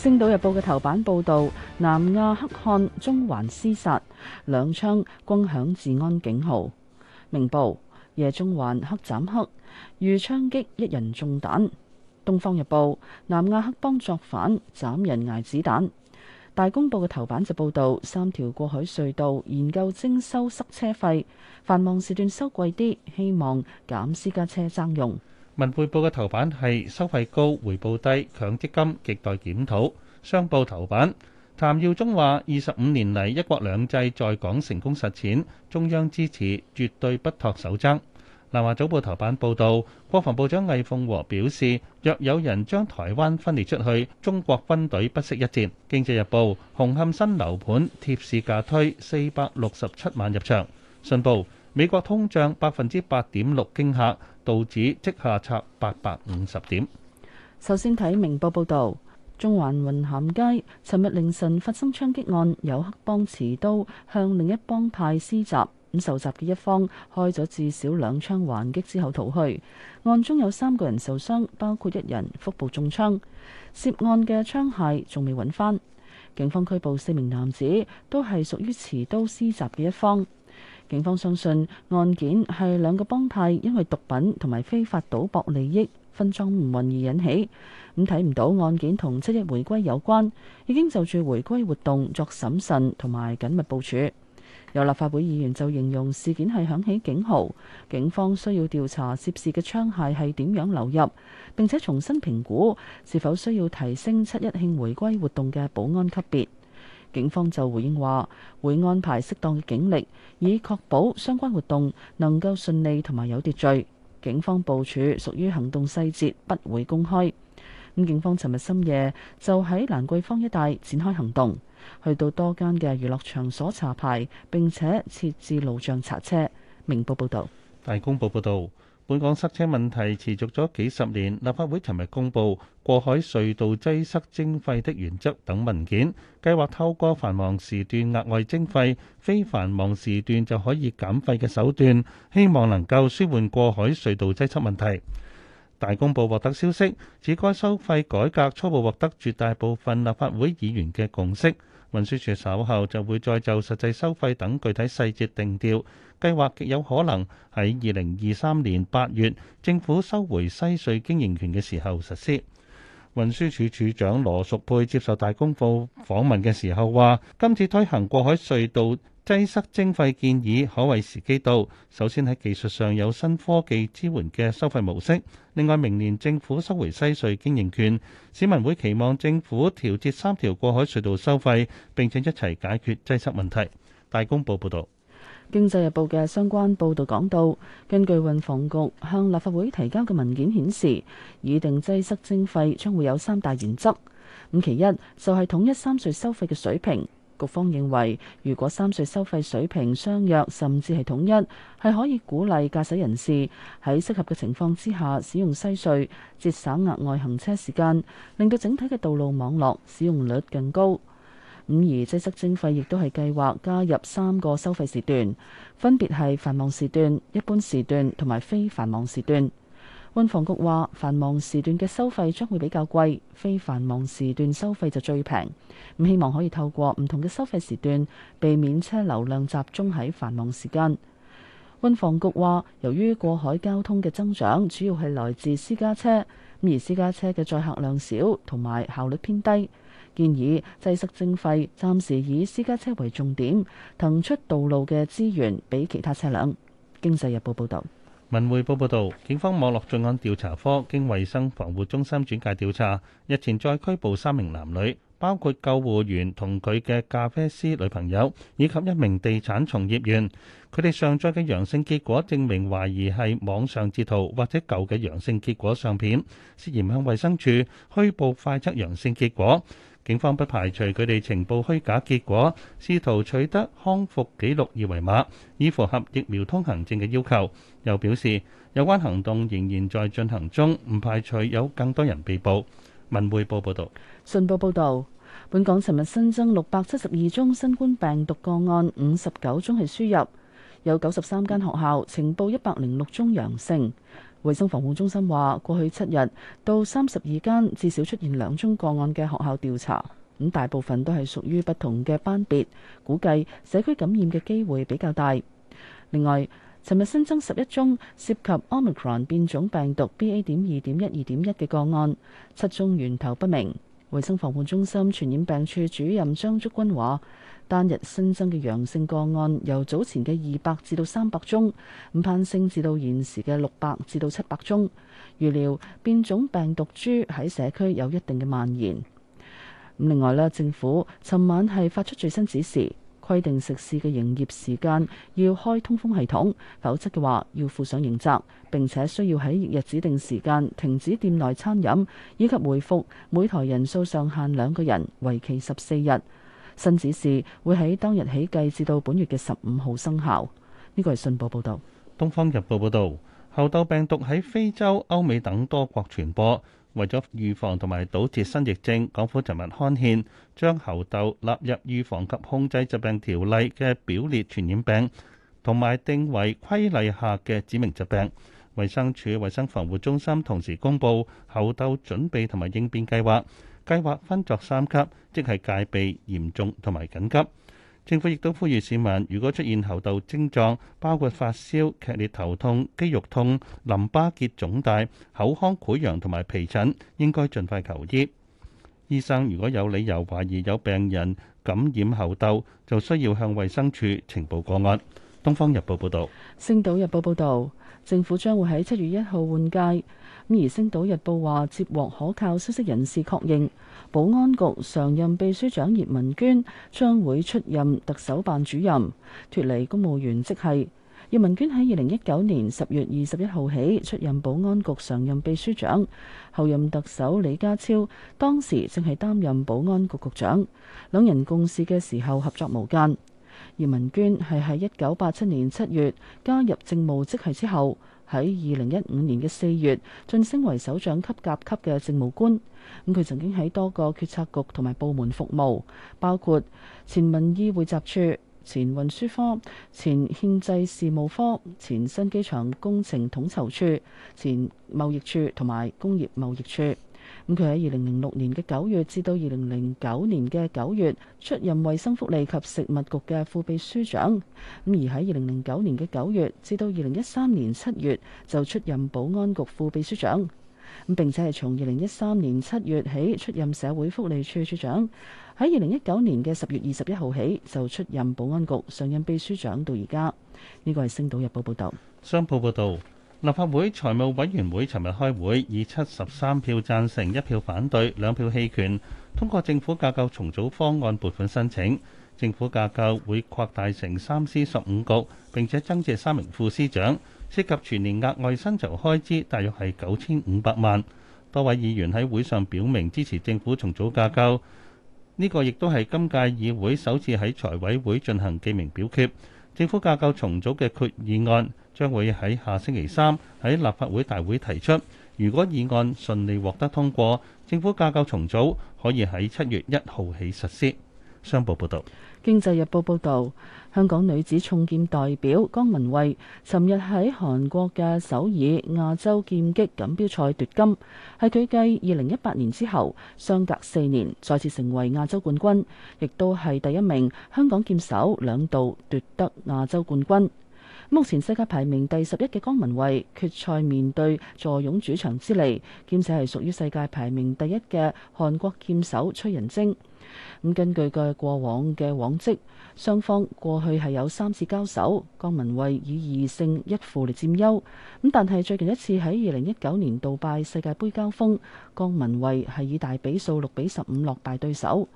星島日報嘅頭版報道，南亞黑漢中環廝殺，兩槍轟響治安警號。明報夜中環黑斬黑，遇槍擊一人中彈。東方日報南亞黑幫作反，斬人挨子彈。大公報嘅頭版就報道三條過海隧道研究徵收塞車費，繁忙時段收貴啲，希望減私家車爭用。文匯報嘅頭版係收費高、回報低、強積金亟待檢討。商報頭版，譚耀宗話：二十五年嚟一國兩制在港成功實踐，中央支持絕對不托手踭。南華早報頭版報導，國防部長魏鳳和表示，若有人將台灣分裂出去，中國軍隊不惜一戰。經濟日報，紅磡新樓盤貼市價推四百六十七萬入場。信報，美國通脹百分之八點六驚嚇。道指即下插八百五十點。首先睇明報報道，中環雲咸街尋日凌晨發生槍擊案，有黑幫持刀向另一幫派施襲，咁受襲嘅一方開咗至少兩槍還擊之後逃去，案中有三個人受傷，包括一人腹部中槍，涉案嘅槍械仲未揾翻，警方拘捕四名男子，都係屬於持刀施襲嘅一方。警方相信案件係兩個幫派因為毒品同埋非法賭博利益分贓唔勻而引起。咁睇唔到案件同七一回歸有關，已經就住回歸活動作審慎同埋緊密部署。有立法會議員就形容事件係響起警號，警方需要調查涉事嘅槍械係點樣流入，並且重新評估是否需要提升七一慶回歸活動嘅保安級別。警方就回應話，會安排適當嘅警力，以確保相關活動能夠順利同埋有秩序。警方部署屬於行動細節，不會公開。咁警方尋日深夜就喺蘭桂坊一帶展開行動，去到多間嘅娛樂場所查牌，並且設置路障查車。明報報道，大公報報道。本港塞車問題持續咗幾十年，立法會尋日公布過海隧道擠塞徵費的原則等文件，計劃透過繁忙時段額外徵費、非繁忙時段就可以減費嘅手段，希望能夠舒緩過海隧道擠塞問題。大公報獲得消息，指該收費改革初步獲得絕大部分立法會議員嘅共識，運輸署稍後就會再就實際收費等具體細節定調，計劃極有可能喺二零二三年八月政府收回西隧經營權嘅時候實施。運輸署署，署，署長羅淑佩接受大公報訪問嘅時候話：今次推行過海隧道擠塞徵費建議可謂時機到，首先喺技術上有新科技支援嘅收費模式。另外，明年政府收回西隧經營權，市民會期望政府調節三條過海隧道收費，並且一齊解決擠塞問題。大公報報導，《經濟日報》嘅相關報導講到，根據運房局向立法會提交嘅文件顯示，擬定擠塞徵費將會有三大原則。咁其一就係統一三隧收費嘅水平。局方認為，如果三隧收費水平相若，甚至係統一，係可以鼓勵駕駛人士喺適合嘅情況之下使用西隧，節省額外行車時間，令到整體嘅道路網絡使用率更高。五而擠塞徵費亦都係計劃加入三個收費時段，分別係繁忙時段、一般時段同埋非繁忙時段。運房局話：繁忙時段嘅收費將會比較貴，非繁忙時段收費就最平。咁希望可以透過唔同嘅收費時段，避免車流量集中喺繁忙時間。運房局話，由於過海交通嘅增長，主要係來自私家車，咁而私家車嘅載客量少同埋效率偏低，建議擠塞徵費，暫時以私家車為重點，騰出道路嘅資源俾其他車輛。經濟日報報導。文匯報報道，警方網絡罪案調查科經衛生防護中心轉介調查，日前再拘捕三名男女，包括救護員同佢嘅咖啡師女朋友以及一名地產從業員。佢哋上載嘅陽性結果證明懷疑係網上截圖或者舊嘅陽性結果相片，涉嫌向衛生署虛報快測陽性結果。警方不排除佢哋呈報虛假結果，試圖取得康復記錄二維碼，以符合疫苗通行證嘅要求。又表示，有關行動仍然在進行中，唔排除有更多人被捕。文匯報報道，信報報道，本港尋日新增六百七十二宗新冠病毒個案，五十九宗係輸入，有九十三間學校呈報一百零六宗陽性。衛生防護中心話，過去七日到三十二間至少出現兩宗個案嘅學校調查，咁大部分都係屬於不同嘅班別，估計社區感染嘅機會比較大。另外，尋日新增十一宗涉及 Omicron 變種病毒 BA. 點二點一二點一嘅個案，七宗源頭不明。衛生防護中心傳染病處主任張竹君話，單日新增嘅陽性個案由早前嘅二百至到三百宗，唔攀升至到現時嘅六百至到七百宗，預料變種病毒株喺社區有一定嘅蔓延。另外咧，政府尋晚係發出最新指示。規定食肆嘅營業時間要開通風系統，否則嘅話要負上刑責，並且需要喺日日指定時間停止店內餐飲，以及回復每台人數上限兩個人，為期十四日。新指示會喺當日起計至到本月嘅十五號生效。呢個係信報報道。《東方日報》報道，猴痘病毒喺非洲、歐美等多國傳播。為咗預防同埋堵截新疫症，港府尋日刊憲將猴痘納入預防及控制疾病條例嘅表列傳染病同埋定為規例下嘅指明疾病。衛生署衞生防護中心同時公布猴痘準備同埋應變計劃，計劃分作三級，即係戒備、嚴重同埋緊急。政府亦都呼籲市民，如果出現猴痘症狀，包括發燒、劇烈頭痛、肌肉痛、淋巴結腫大、口腔潰瘍同埋皮疹，應該盡快求醫。醫生如果有理由懷疑有病人感染猴痘，就需要向衛生署呈報個案。《東方日報》報道，《星島日報》報道，政府將會喺七月一號換屆，咁而《星島日報》話接獲可靠消息人士確認。保安局常任秘書長葉文娟將會出任特首辦主任，脫離公務員職系。葉文娟喺二零一九年十月二十一號起出任保安局常任秘書長，候任特首李家超當時正係擔任保安局局長，兩人共事嘅時候合作無間。葉文娟係喺一九八七年七月加入政務職系之後。喺二零一五年嘅四月晉升為首長級甲級嘅政務官，咁佢曾經喺多個決策局同埋部門服務，包括前民意匯集處、前運輸科、前憲制事務科、前新機場工程統籌處、前貿易處同埋工業貿易處。佢喺二零零六年嘅九月至到二零零九年嘅九月出任衛生福利及食物局嘅副秘書長，咁而喺二零零九年嘅九月至到二零一三年七月就出任保安局副秘書長，並且係從二零一三年七月起出任社會福利署署長，喺二零一九年嘅十月二十一號起就出任保安局上任秘書長到而家，呢個係星島日報報道，商報報道。立法會財務委員會尋日開會，以七十三票贊成、一票反對、兩票棄權，通過政府架構重組方案撥款申請。政府架構會擴大成三司十五局，並且增設三名副司長，涉及全年額外薪酬開支大約係九千五百萬。多位議員喺會上表明支持政府重組架構，呢個亦都係今屆議會首次喺財委會進行記名表決。政府架構重組嘅決議案將會喺下星期三喺立法會大會提出。如果議案順利獲得通過，政府架構重組可以喺七月一號起實施。商報報道，《經濟日報》報道，香港女子重劍代表江文慧，尋日喺韓國嘅首爾亞洲劍擊錦標賽奪金，係佢繼二零一八年之後，相隔四年再次成為亞洲冠軍，亦都係第一名香港劍手兩度奪得亞洲冠軍。目前世界排名第十一嘅江文蔚決賽面對坐擁主場之利，兼且係屬於世界排名第一嘅韓國劍手崔仁晶。咁根據嘅過往嘅往績，雙方過去係有三次交手，江文蔚以二勝一負嚟佔優。咁但係最近一次喺二零一九年杜拜世界杯交鋒，江文蔚係以大比數六比十五落敗對手。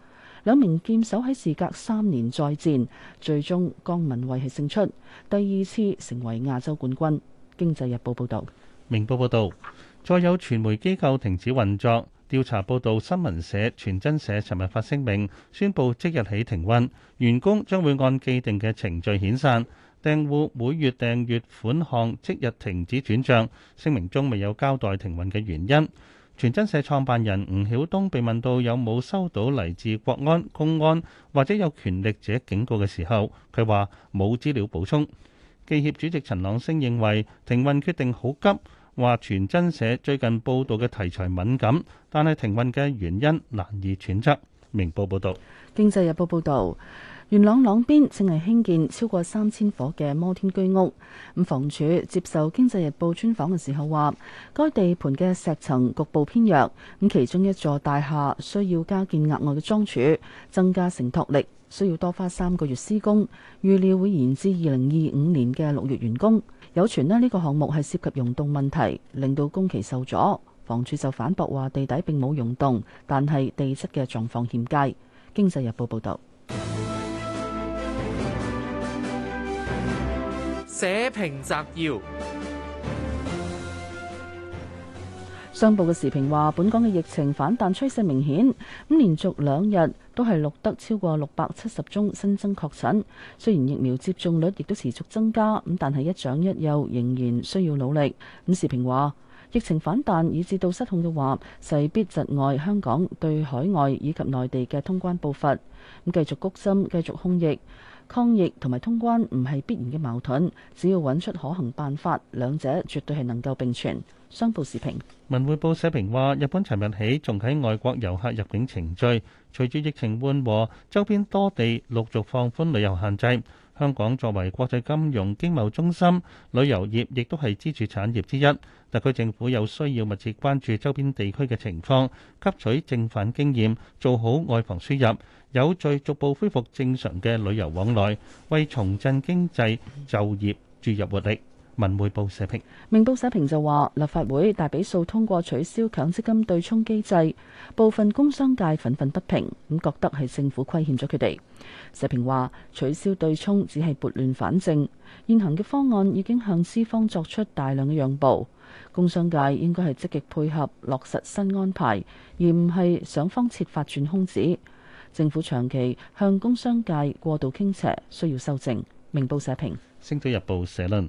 兩名劍手喺時隔三年再戰，最終江旻憓係勝出，第二次成為亞洲冠軍。經濟日報報道，明報報道，再有傳媒機構停止運作。調查報道，新聞社傳真社尋日發聲明，宣佈即日起停運，員工將會按既定嘅程序遣散，訂戶每月訂閱款項即日停止轉賬。聲明中未有交代停運嘅原因。傳真社創辦人吳曉東被問到有冇收到嚟自國安、公安或者有權力者警告嘅時候，佢話冇資料補充。記協主席陳朗升認為停運決定好急，話傳真社最近報道嘅題材敏感，但係停運嘅原因難以揣測。明報報導，《經濟日報》報導。元朗朗邊正係興建超過三千伙嘅摩天居屋。咁房署接受《經濟日報》專訪嘅時候話，該地盤嘅石層局部偏弱，咁其中一座大廈需要加建額外嘅樁柱，增加承托力，需要多花三個月施工，預料會延至二零二五年嘅六月完工。有傳咧呢個項目係涉及溶洞問題，令到工期受阻。房署就反駁話地底並冇溶洞，但係地質嘅狀況欠佳。《經濟日報》報道。社評摘要，商報嘅時評話：本港嘅疫情反彈趨勢明顯，咁連續兩日都係錄得超過六百七十宗新增確診。雖然疫苗接種率亦都持續增加，咁但係一長一幼仍然需要努力。咁時評話。疫情反彈以至到失控嘅話，勢必窒礙香港對海外以及內地嘅通關步伐。咁繼續築心，繼續控疫、抗疫同埋通關唔係必然嘅矛盾。只要揾出可行辦法，兩者絕對係能夠並存。商報時評，文匯報社評話：日本尋日起重啟外國遊客入境程序。隨住疫情緩和，周邊多地陸續放寬旅遊限制。香港作為國際金融經貿中心，旅遊業亦都係支柱產業之一。特區政府有需要密切關注周邊地區嘅情況，吸取正反經驗，做好外防輸入，有序逐步恢復正常嘅旅遊往來，為重振經濟、就業注入活力。文匯報社評，明報社評就話，立法會大比數通過取消強積金對沖機制，部分工商界憤憤不平，咁覺得係政府虧欠咗佢哋。社評話，取消對沖只係撥亂反正，現行嘅方案已經向資方作出大量嘅讓步，工商界應該係積極配合落實新安排，而唔係想方設法鑽空子。政府長期向工商界過度傾斜，需要修正。明報社評，星島日報社論。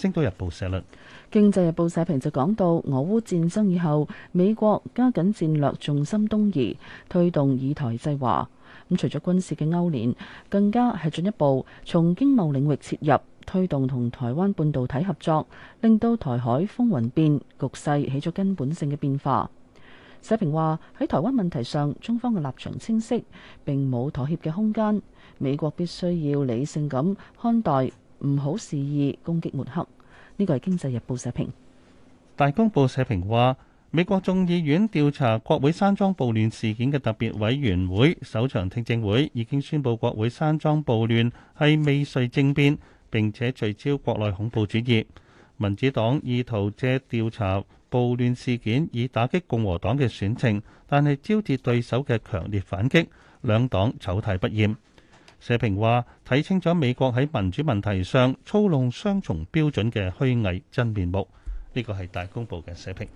《星島日報》社論，《經濟日報》社評就講到，俄烏戰爭以後，美國加緊戰略重心東移，推動以台制華。咁除咗軍事嘅勾連，更加係進一步從經貿領域切入，推動同台灣半導體合作，令到台海風雲變，局勢起咗根本性嘅變化。社評話喺台灣問題上，中方嘅立場清晰，並冇妥協嘅空間。美國必須要理性咁看待。唔好肆意攻擊抹黑，呢個係《經濟日報》社評。大公報社評話，美國眾議院調查國會山莊暴亂事件嘅特別委員會首場聽證會已經宣布國會山莊暴亂係未遂政變，並且聚焦國內恐怖主義。民主黨意圖借調查暴亂事件以打擊共和黨嘅選情，但係招致對手嘅強烈反擊，兩黨醜態不掩。社評話，睇清咗美國喺民主問題上操弄雙重標準嘅虛偽真面目，呢個係大公報嘅社評。